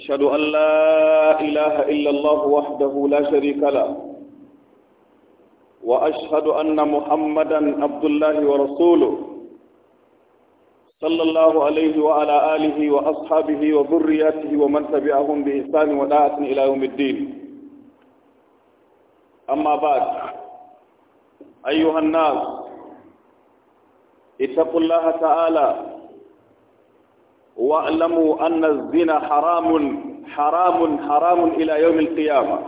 أشهد أن لا إله إلا الله وحده لا شريك له وأشهد أن محمدا عبد الله ورسوله صلى الله عليه وعلى آله وأصحابه وذرياته ومن تبعهم بإحسان ودعاة إلى يوم الدين أما بعد أيها الناس اتقوا الله تعالى واعلموا أن الزنا حرام حرام حرام إلى يوم القيامة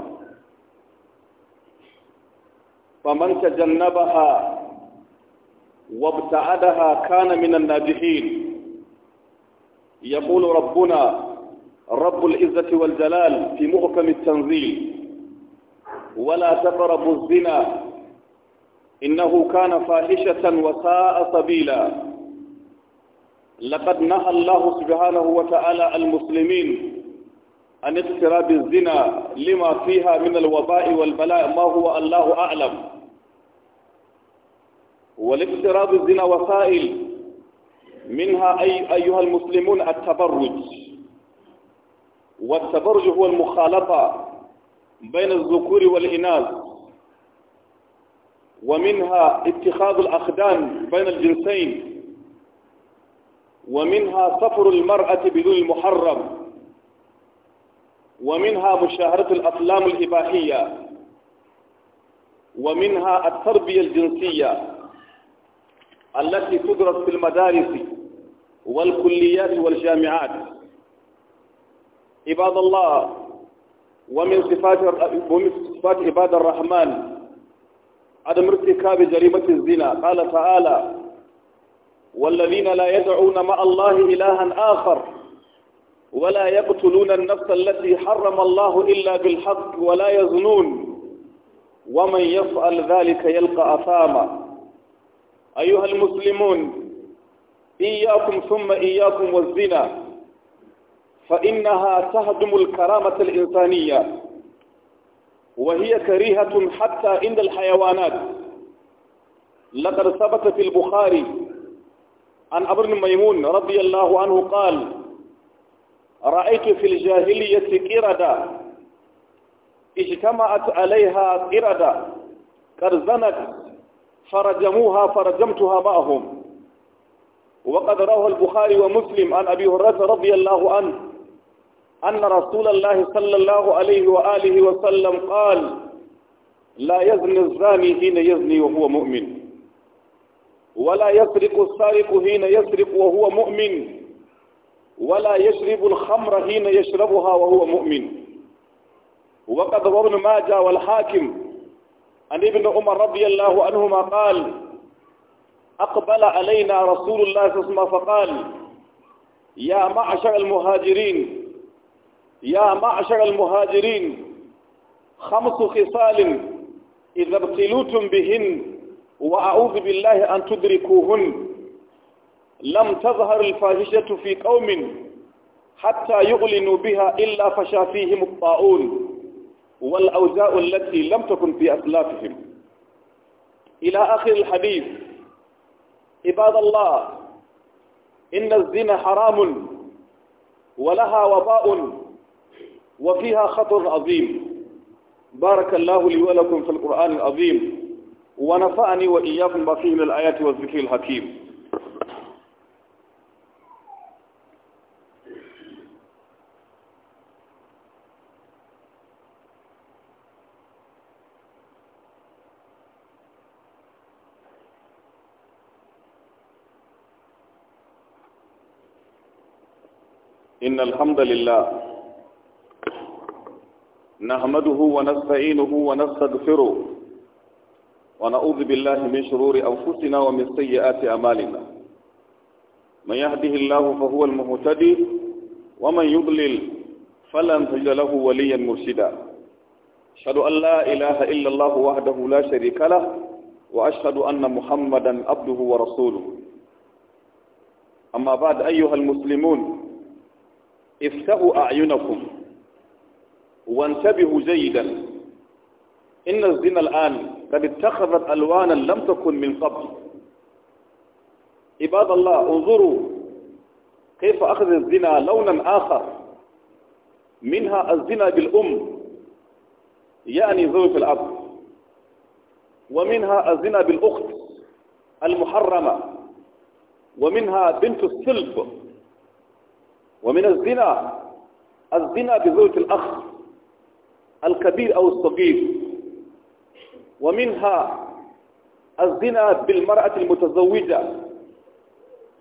فمن تجنبها وابتعدها كان من الناجحين يقول ربنا رب العزة والجلال في محكم التنزيل ولا تقربوا الزنا إنه كان فاحشة وساء سبيلا لقد نهى الله سبحانه وتعالى المسلمين عن اقتراب الزنا لما فيها من الوباء والبلاء ما هو الله أعلم والاقتراب الزنا وسائل منها أي أيها المسلمون التبرج والتبرج هو المخالطة بين الذكور والإناث ومنها اتخاذ الأخدان بين الجنسين ومنها سفر المرأة بدون المحرم ومنها مشاهدة الأفلام الإباحية ومنها التربية الجنسية التي تدرس في المدارس والكليات والجامعات عباد الله ومن صفات ومن صفات عباد الرحمن عدم ارتكاب جريمة الزنا قال تعالى والذين لا يدعون مع الله إلها آخر ولا يقتلون النفس التي حرم الله إلا بالحق ولا يزنون ومن يفعل ذلك يلقى أثاما أيها المسلمون إياكم ثم إياكم والزنا فإنها تهدم الكرامة الإنسانية وهي كريهة حتى عند الحيوانات لقد ثبت في البخاري عن عمرو بن ميمون رضي الله عنه قال رأيت في الجاهلية قردة اجتمعت عليها قردة قد زنت فرجموها فرجمتها معهم وقد رواه البخاري ومسلم عن أبي هريرة رضي الله عنه أن رسول الله صلى الله عليه وآله وسلم قال لا يزني الزاني حين يزني وهو مؤمن ولا يسرق السارق حين يسرق وهو مؤمن ولا يشرب الخمر حين يشربها وهو مؤمن وقد روى ابن ماجه والحاكم عن ابن عمر رضي الله عنهما قال أقبل علينا رسول الله صلى الله عليه وسلم فقال يا معشر المهاجرين يا معشر المهاجرين خمس خصال إذا ابتلوتم بهن وأعوذ بالله أن تدركوهن لم تظهر الفاحشة في قوم حتى يعلنوا بها إلا فشا فيهم الطاعون والأوزاء التي لم تكن في أسلافهم إلى آخر الحديث عباد الله إن الزنا حرام ولها وباء وفيها خطر عظيم بارك الله لي ولكم في القرآن العظيم ونفعني وإياكم بفهم الآيات والذكر الحكيم إن الحمد لله نحمده ونستعينه ونستغفره ونعوذ بالله من شرور أنفسنا ومن سيئات أمالنا من يهده الله فهو المهتدي ومن يضلل فلن تجد له وليا مرشدا أشهد أن لا إله إلا الله وحده لا شريك له وأشهد أن محمدا عبده ورسوله أما بعد أيها المسلمون افتحوا أعينكم وانتبهوا جيدا إن الزنا الآن قد اتخذت ألوانا لم تكن من قبل عباد الله انظروا كيف أخذ الزنا لونا آخر منها الزنا بالأم يعني زوج الأب ومنها الزنا بالأخت المحرمة ومنها بنت السلف ومن الزنا الزنا بزوج الأخ الكبير أو الصغير ومنها الزنا بالمرأة المتزوجة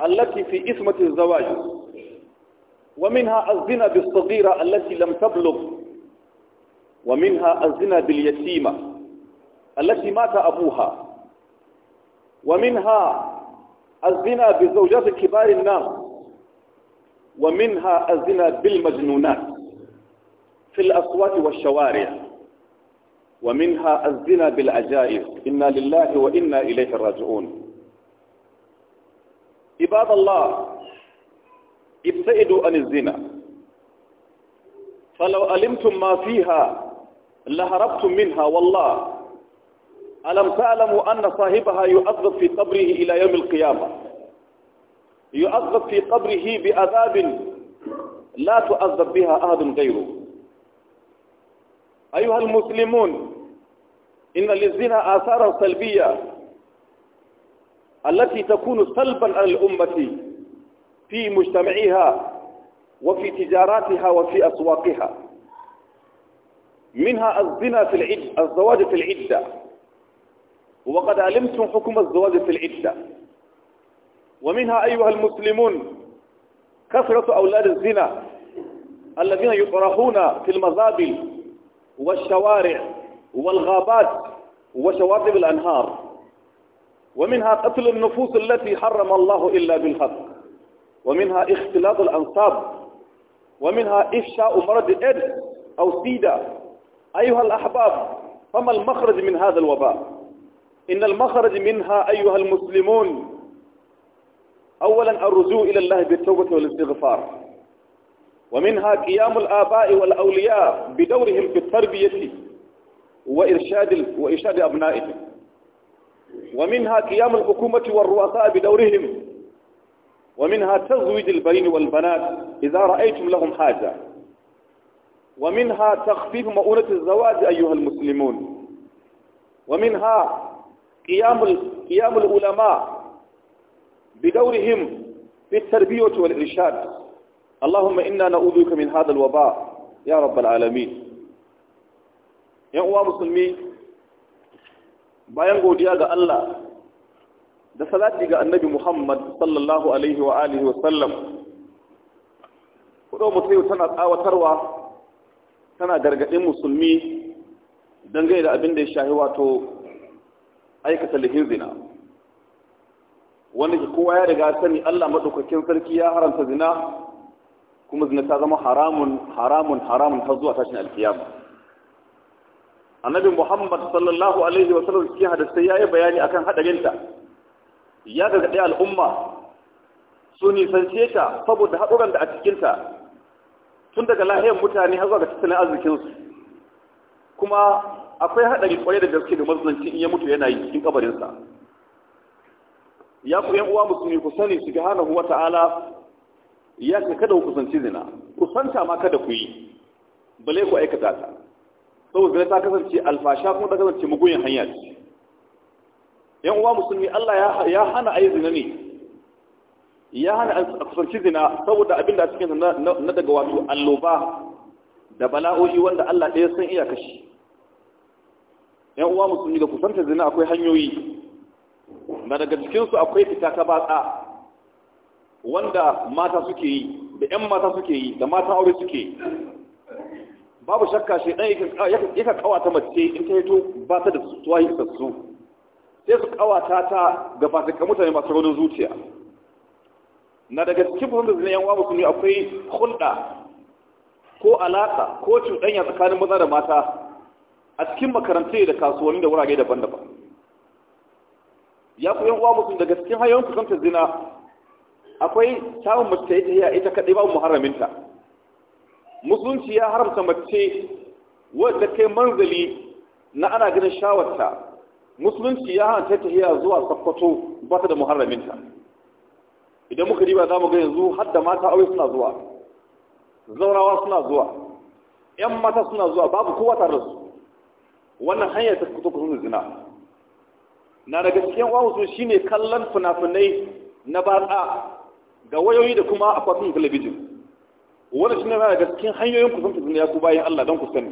التي في إثمة الزواج ومنها الزنا بالصغيرة التي لم تبلغ ومنها الزنا باليتيمة التي مات أبوها ومنها الزنا بزوجات كبار الناس ومنها الزنا بالمجنونات في الأصوات والشوارع ومنها الزنا بالعجائب إنا لله وإنا إليه راجعون عباد الله ابتعدوا عن الزنا فلو علمتم ما فيها لهربتم منها والله ألم تعلموا أن صاحبها يؤذب في قبره إلى يوم القيامة يؤذب في قبره بأذاب لا تؤذب بها أحد غيره أيها المسلمون إن للزنا آثارا سلبية التي تكون سلبا على الأمة في مجتمعها وفي تجاراتها وفي أسواقها منها الزنا في العدة الزواج في العدة وقد علمتم حكم الزواج في العدة ومنها أيها المسلمون كثرة أولاد الزنا الذين يطرحون في المزابل والشوارع والغابات وشواطئ الأنهار ومنها قتل النفوس التي حرم الله إلا بالحق ومنها اختلاط الأنصاب ومنها إفشاء مرض إيدز أو سيدا أيها الأحباب فما المخرج من هذا الوباء إن المخرج منها أيها المسلمون أولا الرجوع إلى الله بالتوبة والاستغفار ومنها قيام الآباء والأولياء بدورهم في التربية وإرشاد, وإرشاد أبنائهم ومنها قيام الحكومة والرؤساء بدورهم ومنها تزويد البنين والبنات إذا رأيتم لهم حاجة ومنها تخفيف مؤونة الزواج أيها المسلمون ومنها قيام قيام العلماء بدورهم في التربية والإرشاد اللهم إنا na بك من هذا الوباء يا رب العالمين yan uwa musulmi bayan godiya ga Allah da salati ga annabi Muhammad sallallahu alaihi wa alihi wa sallam kudo mutai tana tsawatarwa tana gargadin musulmi dangane da abin da ya shahi wato aikata lihizina wanda kowa ya riga sani Allah madaukakin sarki ya haramta zina kuma zina ta zama haramun haramun haramun har zuwa tashin alkiyama annabi muhammad sallallahu alaihi wa sallam cikin hadisai yayi bayani akan hadarinta ya ga dai al'umma su nisance ta saboda haɗuran da a cikin ta. tun daga lahiyar mutane har zuwa ga tattalin arzikinsu kuma akwai hadari ƙwarai da gaske da mazunanci in ya mutu yana yi cikin kabarinsa ya ku yan uwa musulmi ku sani su wa ta'ala ya ka kada ku kusanci zina kusanta ma kada ku yi bale ku aikata ta saboda ta kasance alfasha kuma ta kasance mugun hanya ce yan uwa musulmi Allah ya hana ayi zina ne ya hana a kusanci zina saboda abin da cikin na daga wato alloba da bala'o'i wanda Allah ɗaya san iya kashi yan uwa musulmi da kusanta zina akwai hanyoyi na daga cikinsu akwai fita ta batsa wanda mata suke yi da 'yan mata suke yi da mata aure suke babu shakka shi ɗan yaka kawata mace in ta hito ba ta da tuwahi sassu sai su kawata ta ga ka mutane masu raunin zuciya na daga cikin fusun da zinayen wa musulmi akwai hulɗa ko alaƙa ko cuɗanya tsakanin maza da mata a cikin makarantu da kasuwanni da wurare daban-daban ya ku yan uwa musulmi daga cikin hanyoyin kusantar zina akwai samun mace ta yi tahiya ita kaɗai babu muharraminta musulunci ya haramta mace wadda kai manzali na ana ganin shawarta musulunci ya haramta tahiya zuwa sakkwato ba ta da muharraminta idan muka riba za mu ga yanzu har da mata aure suna zuwa zaurawa suna zuwa yan mata suna zuwa babu kowa tare da su wannan hanyar ta fito kusurin zina na daga cikin wahusu shine kallon fina-finai na batsa ga wayoyi da kuma akwatin talabijin wani shi ne na daga cikin hanyoyin kusantar ya ku bayan Allah don ku sani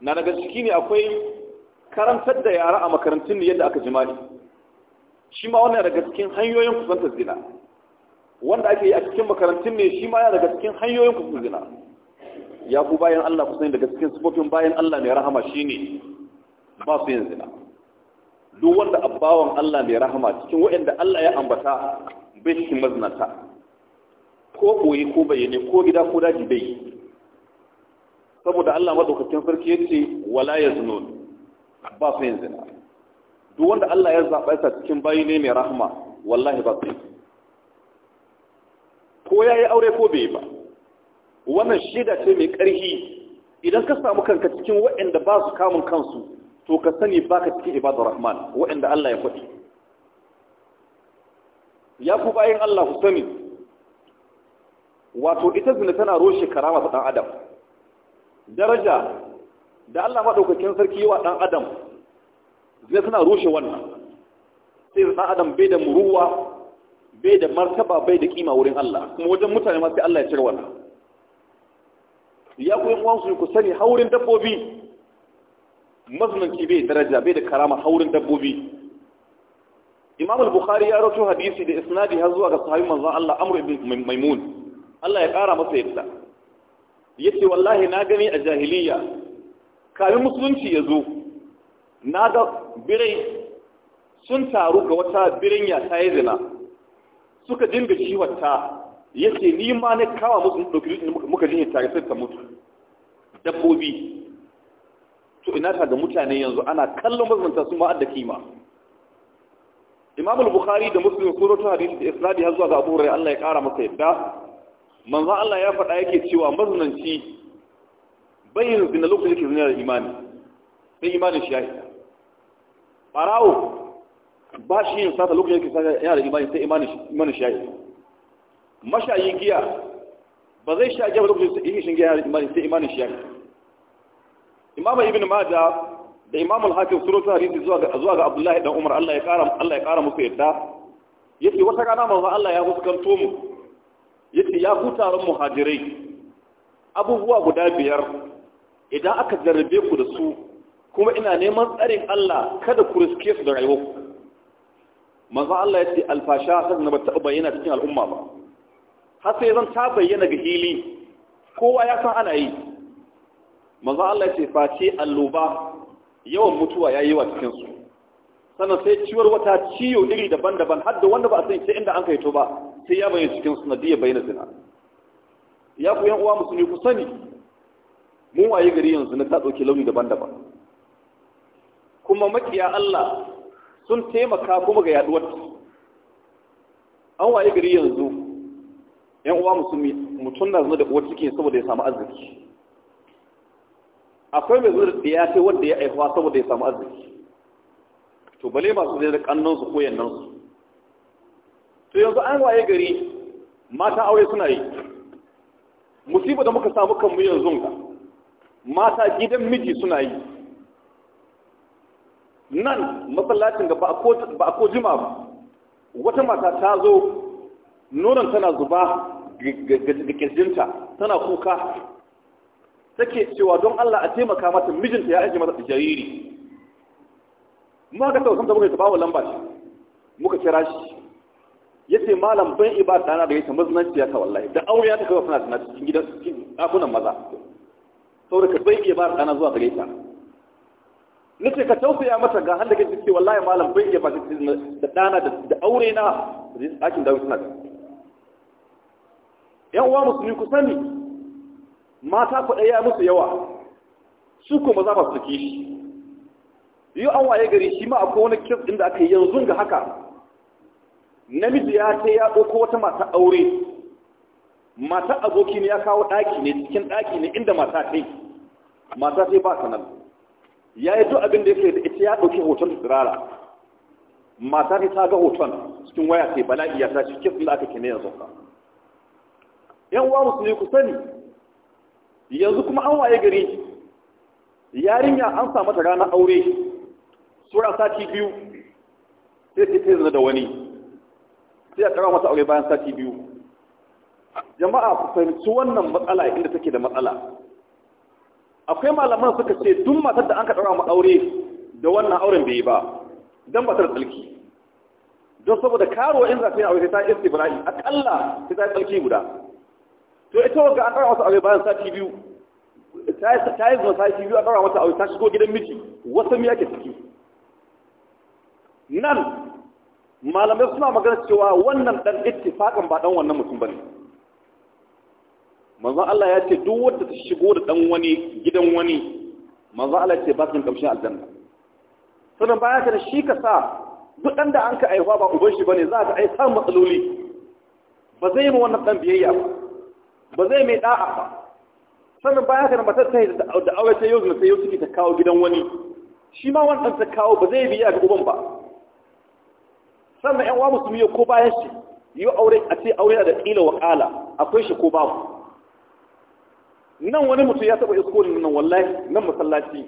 na daga ciki ne akwai karantar da yara a makarantun ne yadda aka jima'i shi ma wani daga cikin hanyoyin kusanta zina wanda ake yi a cikin makarantun ne shi ma ya daga cikin hanyoyin kusantar zina ya ku bayan Allah ku sani daga cikin sufofin bayan Allah mai rahama shi ne ba su yin zina duk wanda abbawan Allah mai rahama cikin waɗanda Allah ya ambata bai cikin mazinata ko ɓoye ko bayyane ko gida ko daji bai saboda Allah madaukakin sarki ya ce wala ya zuno ba su yin zina duk wanda Allah ya zaɓa sa cikin bayi ne mai rahama wallahi ba su yi ko ya yi aure ko bai ba wannan shaida ce mai ƙarfi idan ka samu kanka cikin waɗanda ba su kamun kansu to ka sani ba ka cikin ibadar rahman waɗanda Allah ya faɗi ya ku bayan Allah ku sani wato ita zina tana roshe karama ta dan adam daraja da Allah madaukakin sarki wa dan adam zina tana roshe wannan sai dan adam bai da muruwa bai da martaba bai da kima wurin Allah kuma wajen mutane ma sai Allah ya cire wannan ya ku yin uwansu ku sani haurin dabbobi mazmunci bai daraja bai da karama haurin dabbobi imam al-bukhari ya rawaito hadisi da isnadi har zuwa ga sahabi manzo Allah amr ibn maimun Allah ya kara masa yadda yace wallahi na gani a jahiliya kafin musulunci ya zo na ga birai sun taru ga wata birinya ta yi zina suka dinga ciwata yace ni ma na kawa musu ɗauki muka jin tare sai ta mutu dabbobi to ina ta ga mutane yanzu ana kallon mazmanta su ma'ad da kima imamul bukhari da muslim ko rota hadisi da isnadi har zuwa ga abu hurairah Allah ya kara masa yadda manzo Allah ya faɗa yake cewa mazunanci bayin zina lokacin yake zina da imani sai imanin shi ya hita barawo ba shi yin sata lokacin yake sata yana da imani sai imanin shi ya hita mashayi giya ba zai sha giya ba lokacin yake shi giya yana da imani sai imanin shi ya hita imam ibn majah da imam al-hakim surutu hadisi zuwa ga abdullahi dan umar allah ya kara musu yadda yace wata kana manzo allah ya fuskanto mu yace ya ku taron muhajirai abubuwa guda biyar idan aka jarrabe ku da su kuma ina neman tsarin allah kada ku riske su da rayuwarku manzo allah yace alfasha sai na bata bayyana cikin al'umma ba har sai zan ta bayyana ga hili kowa ya san ana yi manzo allah yace face alluba yawan mutuwa ya yi wa cikinsu sannan sai ciwar wata ciwo iri daban-daban har da wanda ba a sani sai inda an kai to ba sai ya bayyana cikin su na diya bayyana zina ya ku yan uwa musulmi ku sani mun waye gari yanzu na ta ɗauki launi daban-daban kuma makiya Allah sun taimaka kuma ga yaduwar an waye gari yanzu yan uwa musulmi mutum na zama da uwar ciki saboda ya samu arziki akwai mai zuwa da ya ce wanda ya aihuwa saboda ya samu arziki to bale masu zai da kannansu ko yannansu to yanzu an waye gari mata aure suna yi musibu da muka samu kanmu yanzu ka mata gidan miji suna yi nan masallacin da ba a ko jima ba wata mata ta zo nunan tana zuba ga kirjinta tana kuka take cewa don Allah a taimaka mata mijinta ya aje mata da jariri mu haka tausan ta muka ta bawo lamba shi muka kira shi yace malam ban ibada na da yace mazunanci ya ta wallahi da aure ya ta kawo suna suna cikin gidan cikin dakunan maza saboda ka bai ibada na zuwa gare ta nace ka tausaya mata ga handa kake ce wallahi malam bai ibada baki da dana da aure na akin dawo suna yan uwa musulmi ku sani mata ku ɗaya musu yawa su kuma za su saki. shi yi an waye gari shi ma akwai wani kis inda aka yi yanzu ga haka namiji ya ta ya ɗauko wata mata aure mata aboki ne ya kawo ɗaki ne cikin ɗaki ne inda mata ta yi mata ta yi ba sanar ya yi duk abin da ya da ita ya ɗauki hoton tsirara mata ta ta ga hoton cikin waya ta bala'i ya ta shi kis inda aka kene yanzu ka yan uwa musulmi ku sani yanzu kuma an waye gari yarinya an sa mata ranar aure sura sati biyu sai ta ta zana da wani sai a kara mata aure bayan sati biyu jama'a ku fahimci wannan matsala inda take da matsala akwai malaman suka ce duk matar da an ka ɗaura mu aure da wannan auren bai yi ba don ba ta da tsalki don saboda karo in za ta yi aure sai ta yi Ibrahim, akalla sai ta yi tsalki guda to ita wanka an ƙara wasu aure bayan sati biyu ta yi zuwa sati biyu an ƙara mata aure ta shigo gidan miji wasu miya ke ciki nan malamai suna magana cewa wannan dan ittifaqan ba dan wannan mutum bane manzo Allah ya ce duk wanda ta shigo da dan wani gidan wani manzo Allah ya ce ba kin kamshin aljanna sannan bayan ka shi ka sa duk dan da an ka aihuwa ba uban shi bane za ka ai matsaloli ba zai yi wannan dan biyayya ba ba zai mai da'a ba sannan baya haka matar ta da aure sai yau ta yau suke ta kawo gidan wani shi ma wannan ta kawo ba zai biya ga uban ba sannan yan uwa yau ko bayan shi yau aure a ce aure da ƙila wa ƙala akwai shi ko babu nan wani mutum ya taɓa isko nan wallahi nan masallaci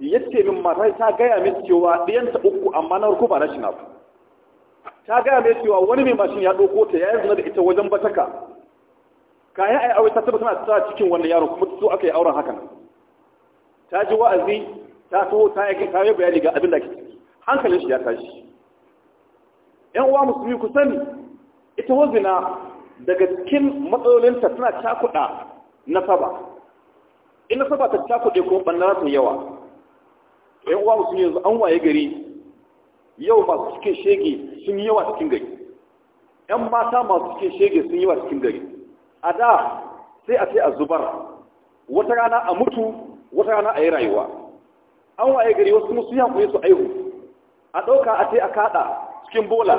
ya ce min mata ta gaya min cewa ɗiyanta uku amma na harko ba na shina ta gaya min cewa wani mai mashin ya ɗauko ta ya yi zuna da ita wajen bataka ka yi ai aure ta tabbata tana ta cikin wannan yaro kuma so aka yi auren hakan ta ji wa'azi ta so ta yi ta yi bayani ga abin da ke ciki hankalin shi ya tashi yan uwa musulmi ku sani ita wazina daga cikin matsalolinta tana cakuɗa nasaba in nasaba ta cakuɗe kuma ɓanna ta yawa yan uwa musulmi yanzu an waye gari yau masu cikin shege sun yi yawa cikin gari yan mata masu cikin shege sun yi yawa cikin gari a da sai a ce a zubar wata rana a mutu wata rana a yi rayuwa an waye gari wasu musu ya kuye su aihu a ɗauka a ce a kaɗa cikin bola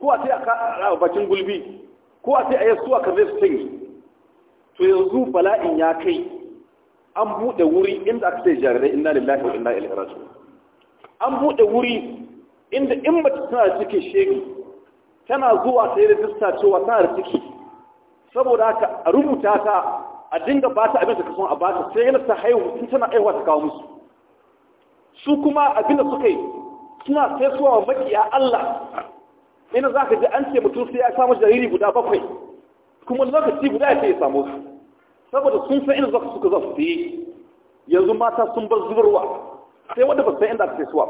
ko a ce a kaɗa a bakin gulbi ko a ce a yi suwa kan zai su sanyi to yanzu bala'in ya kai an buɗe wuri inda aka sai jarirai inna lillahi wa inna ilaihi raji'un an buɗe wuri inda in mace tana da cikin shegi tana zuwa sai yi rajista cewa tana da ciki saboda haka a rubuta ta a dinga ba ta abin da ka a ba ta sai yana ta haihu in tana aiwa ta kawo musu su kuma abin da suka yi suna sai suwa wa makiya Allah ina za ka ji an ce mutum sai ya samu jariri guda bakwai kuma lokaci guda ya ce ya samu su saboda sun san ina za ka suka za su yi yanzu mata sun bar zubarwa sai wanda ba san inda aka sai suwa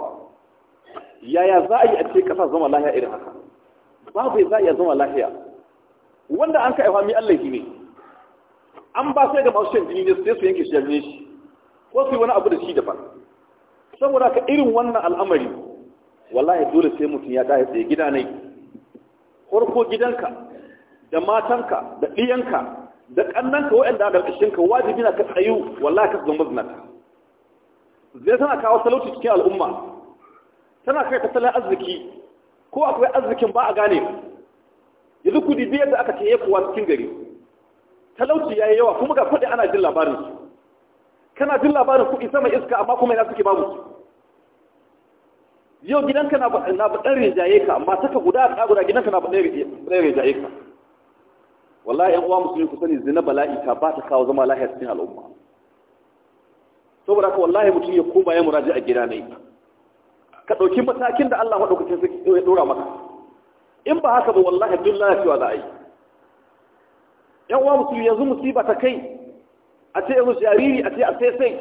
yaya za a yi a ce kasa zama lahiya irin haka babu ya za a iya zama lahiya wanda an ka aiwa Allah Allah ne an ba sai ga masu shan jini ne sai su yanke shi jini shi ko su wani abu da shi daban saboda ka irin wannan al'amari wallahi dole sai mutum ya dace tsaye gida ne farko gidanka da matanka da ɗiyanka da ƙannanka waɗanda a ka, wajibi na ka tsayu wallahi ka zama mazinata zai tana kawo talauci cikin al'umma tana kai tattalin arziki ko akwai arzikin ba a gane yanzu ku biyar da aka ce kuwa cikin gari talauci ya yi yawa kuma ga faɗi ana jin labarin su kana jin labarin kuɗi sama iska amma kuma yana suke babu yau gidanka na baɗin rijaye ka amma ka guda a guda gidanka na baɗin rijaye ka wallahi yan uwa musulmi ku sani zina bala'i ta ba ta kawo zama lahiya cikin al'umma saboda haka wallahi mutum ya koma ya muraji a gida ne ka ɗauki matakin da Allah maɗaukacin sai ya ɗora maka in ba haka ba wallahi duk lalacewa za a yi yan uwa musulmi yanzu musiba ta kai a ce yanzu jariri a ce a sai sai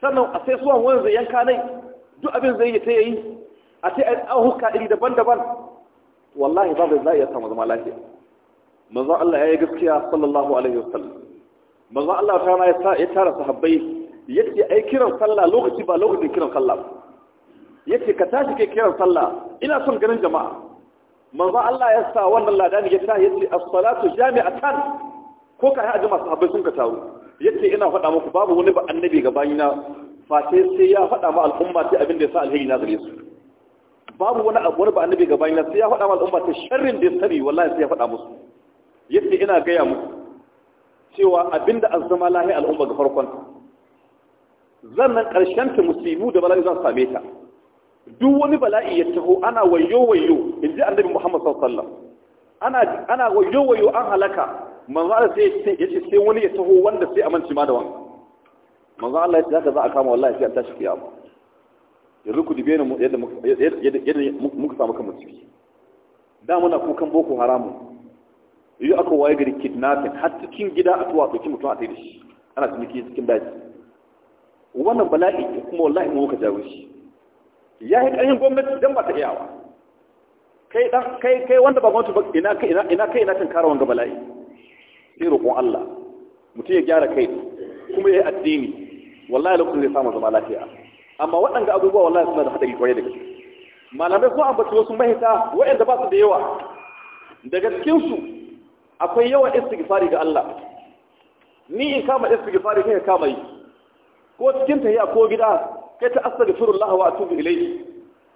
sannan a sai suwan wani zai yanka nai duk abin zai yi ta yayi a ce an huka iri daban-daban wallahi ba zai za'i ya iya samu zama lafiya manzo Allah ya yi gaskiya sallallahu alaihi wasallam manzo Allah ta ya tara sahabbai yace ai kiran sallah lokaci ba lokacin kiran sallah yace ka tashi ke kiran sallah ina son ganin jama'a manzo Allah ya sa wannan ladani ya tashi yace as-salatu jami'atan ko kai a jama'a sahabbai sun ka taru yace ina faɗa muku babu wani ba annabi ga bayina face sai ya faɗa ma al'umma sai abin da ya sa alheri na gare su babu wani abu ba annabi ga bayina sai ya faɗa ma al'umma ta sharrin da ya sani wallahi sai ya faɗa musu yace ina gaya muku cewa abinda an zama lahi al'umma ga farkon zannan ƙarshen ta Musulmi da bala'i za su same ta duk wani bala'i ya taho ana wayo wayo in ji annabi muhammad sallallahu ana ana wayo wayo an halaka manzo Allah sai ya ce sai wani ya taho wanda sai amince ma da wani manzo Allah ya ce haka za a kama wallahi sai an tashi kiyama yanzu ku dibe mu yadda muka samu kanmu ciki da muna kukan boko haramun yi aka waye gari kidnapping har cikin gida a tuwa ɗauki mutum a tsaye da shi ana ciniki cikin daji wannan bala'i kuma wallahi mu muka jawo shi ya yi ƙarfin gwamnati don ba ta iyawa kai dan kai kai wanda ba gwamnati ba ina kai ina ina kai ina cin kara wanga bala'i sai roƙon Allah mutum ya gyara kai kuma ya yi addini wallahi lokacin zai samu zama lafiya amma waɗanda abubuwa wallahi suna da haɗari kwaye da gaske malamai ko ambaci wasu mahita waɗanda ba su da yawa daga cikinsu akwai yawan istighfari ga Allah ni in kama istighfari kai kama yi ko cikin tahiya ko gida Kita astaghfirullah wa atubu ilayhi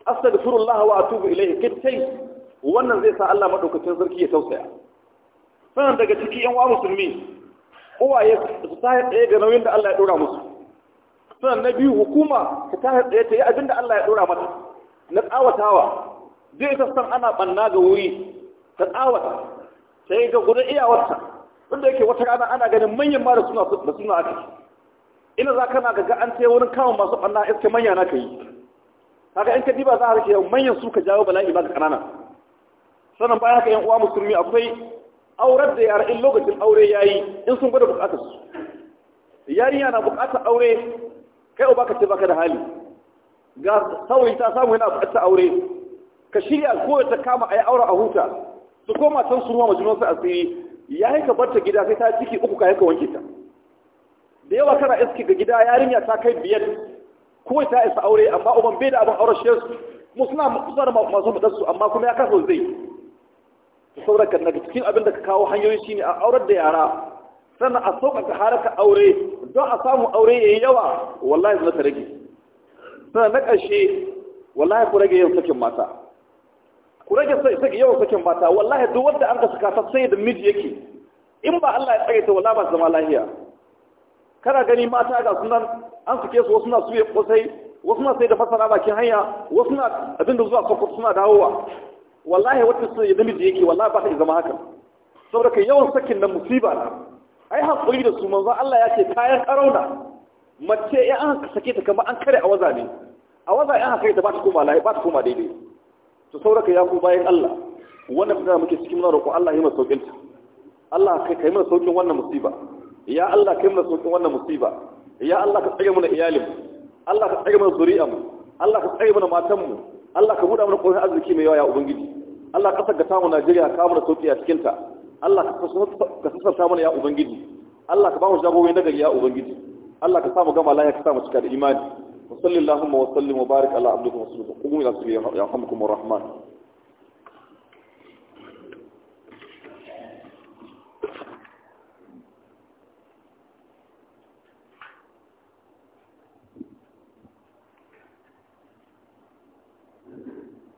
astaghfirullah wa atubu ilayhi kitai wannan zai sa Allah madaukakin sarki ya tausaya Sanan daga ciki yan wa musulmi uwaye su tsaya tsaye ga nauyin da Allah ya dora musu Sanan na biyu hukuma ta tsaya tsaye ta yi abin da Allah ya dora mata na tsawatawa zai ta san ana banna ga wuri ta tsawata ta yi ga guda iyawarta inda yake wata rana ana ganin manyan mara suna da suna aka ina za kana ga an ce wurin kama masu ɓanna iske manya na ka yi haka in ka diba za a rike manyan su ka jawo bala'i ba ka ƙanana sannan bayan haka yan uwa musulmi akwai aurar da yara in lokacin aure ya yi in sun gwada buƙatar su yarinya na buƙatar aure kai o baka ce baka da hali ga sauri ta samu yana buƙatar aure ka shirya ko ta kama a yi aure a huta su koma can su ruwa majinonsu asiri ya yi ka barta ta gida sai ta ciki uku ka yanka wanke ta da yawa kana iski ga gida yarinya ta kai biyar ko ta isa aure amma uban bai da abin aure shi su mu suna kusa da masu mutar su amma kuma ya kasa zai ta saboda na daga cikin abin da ka kawo hanyoyi shi ne a aurar da yara sannan a sauƙaƙa harkar aure don a samu aure yayi yawa wallahi zai ta rage sannan na ƙarshe wallahi ku rage yin sakin mata ku rage yawan sakin mata wallahi duk wanda an ka saka ta sai da miji yake in ba Allah ya tsare ta wallahi ba zama lahiya kana gani mata ga sunan an suke su wasu na suye kosai wasu na sai da fasara bakin hanya wasu na abin da zuwa sokoto suna dawowa wallahi wata su ya da yake wallahi ba ta zama haka saboda kai yawan sakin nan musiba na ai hakuri da su manzo Allah ya ce kayan karauna mace ya an sake ta kamar an kare a waza ne a waza ya haka ta ba ta koma lahi ba ta koma daidai to saboda kai ya ku bayan Allah wannan da muke cikin muna roƙo Allah ya yi saukin ta Allah kai kai mana saukin wannan musiba ya Allah kai mu sauƙin wannan musiba ya Allah ka tsare mana iyalin Allah ka tsare mana zuri'an Allah ka tsare mana matan mu Allah ka buɗa mana ƙofar arziki mai yawa ya ubangiji Allah ka saka tamu Najeriya ka mana sauƙi a cikin ta Allah ka ta mana ya ubangiji Allah ka ba mu jagorori na gari ya ubangiji Allah ka sa mu gama lafiya ka sa mu cika da imani wa sallallahu wa sallim wa barik ala abdihi wa rasulihi qumu ila salati yarhamukum arrahman